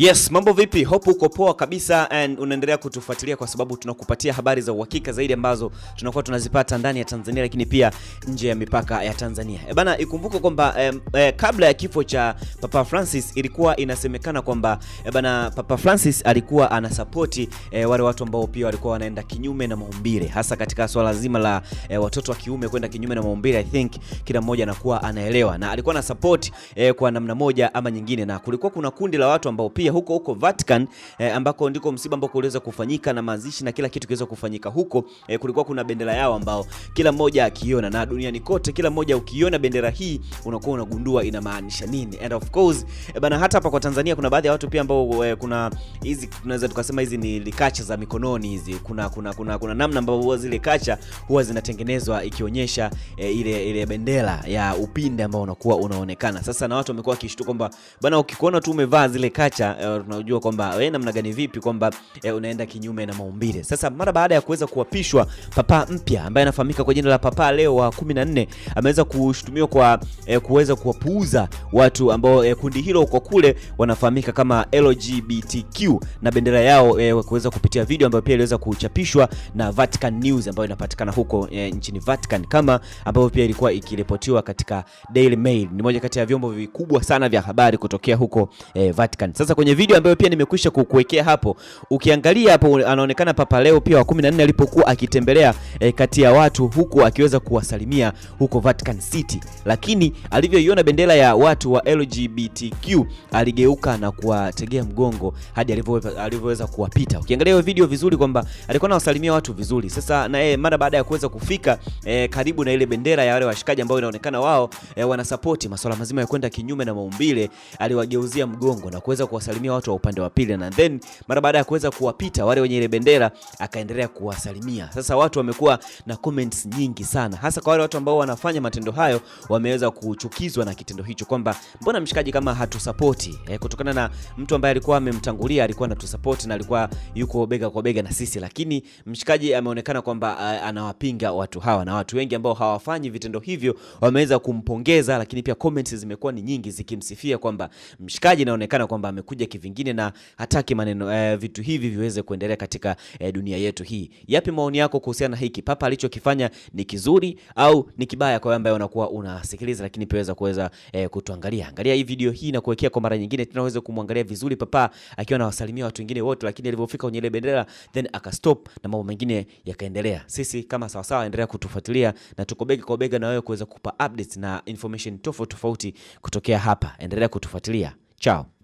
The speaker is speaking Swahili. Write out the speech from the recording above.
Yes, mambo vipi? Hope uko poa kabisa and unaendelea kutufuatilia kwa sababu tunakupatia habari za uhakika zaidi ambazo tunakuwa tunazipata ndani ya Tanzania lakini pia nje ya mipaka ya Tanzania. E bana, ikumbuke kwamba e, e, kabla ya kifo cha Papa Francis ilikuwa inasemekana kwamba e bana, Papa Francis alikuwa anasapoti e, wale watu ambao pia walikuwa wanaenda kinyume na maumbile hasa katika swala zima la e, watoto wa kiume kwenda kinyume na maumbile. I think kila mmoja anakuwa anaelewa na alikuwa anasapoti e, kwa namna moja ama nyingine na kulikuwa kuna kundi la watu ambao pia pia huko huko Vatican eh, ambako ndiko msiba ambao uliweza kufanyika na mazishi na kila kitu kiweza kufanyika huko eh, kulikuwa kuna bendera yao ambao kila mmoja akiona, na duniani kote kila mmoja ukiona bendera hii unakuwa unagundua inamaanisha nini. And of course eh, bana, hata hapa kwa Tanzania kuna baadhi ya watu pia ambao eh, kuna hizi tunaweza tukasema hizi ni likacha za mikononi hizi. Kuna kuna kuna, kuna namna ambao huwa zile kacha huwa zinatengenezwa ikionyesha eh, ile ile bendera ya upinde ambao unakuwa unaonekana. Sasa na watu wamekuwa wakishtuka kwamba bana, ukikuona tu umevaa zile kacha uh, eh, unajua kwamba wewe eh, namna gani vipi kwamba uh, unaenda kinyume na maumbile. Sasa mara baada ya kuweza kuapishwa papa mpya ambaye anafahamika kwa jina la Papa Leo wa 14 ameweza kushutumiwa kwa uh, kuweza kuwapuuza watu ambao uh, kundi hilo kwa kule wanafahamika kama LGBTQ na bendera yao uh, kuweza kupitia video ambayo pia iliweza kuchapishwa na Vatican News ambayo inapatikana huko uh, nchini Vatican kama ambayo pia ilikuwa ikiripotiwa katika Daily Mail. Ni moja kati ya vyombo vikubwa sana vya habari kutokea huko uh, Vatican. Sasa kwenye video ambayo pia nimekwisha kukuwekea hapo, ukiangalia hapo anaonekana Papa Leo pia wa 14 alipokuwa akitembelea e, kati ya watu huku akiweza kuwasalimia huko Vatican City, lakini alivyoiona bendera ya watu wa LGBTQ aligeuka na kuwategea mgongo hadi alivyoweza kuwapita. Ukiangalia hiyo video vizuri kwamba alikuwa anawasalimia watu vizuri. Sasa na yeye eh, mara baada ya kuweza kufika e, karibu na ile bendera ya wale washikaji ambao inaonekana wao e, wanasapoti masuala mazima ya kwenda kinyume na maumbile, aliwageuzia mgongo na kuweza kuwa kuwasalimia watu wa upande wa pili, na then mara baada ya kuweza kuwapita wale wenye ile bendera akaendelea kuwasalimia. Sasa watu wamekuwa na comments nyingi sana, hasa kwa wale watu ambao wanafanya matendo hayo, wameweza kuchukizwa na kitendo hicho kwamba mbona mshikaji kama hatusapoti eh, kutokana na mtu ambaye alikuwa amemtangulia alikuwa anatusapoti na alikuwa yuko bega kwa bega na sisi, lakini mshikaji ameonekana kwamba anawapinga watu hawa, na watu wengi ambao hawafanyi vitendo hivyo wameweza kumpongeza, lakini pia comments zimekuwa ni nyingi zikimsifia kwamba mshikaji inaonekana kwamba amekuja kuja kivingine na hataki maneno eh, vitu hivi viweze kuendelea katika eh, dunia yetu hii. Yapi maoni yako kuhusiana na hiki? Papa alichokifanya ni kizuri au ni kibaya kwa wewe ambaye unakuwa unasikiliza lakini pia kuweza eh, kutuangalia. Angalia hii video hii na kuwekea kwa mara nyingine tena uweze kumwangalia vizuri Papa akiwa anawasalimia watu wengine wote, lakini alipofika kwenye ile bendera then akastop na mambo mengine yakaendelea. Sisi kama sawa sawa, endelea kutufuatilia na tuko bega kwa bega na wewe kuweza kupa updates na information tofauti tofauti kutokea hapa. Endelea kutufuatilia. Chao.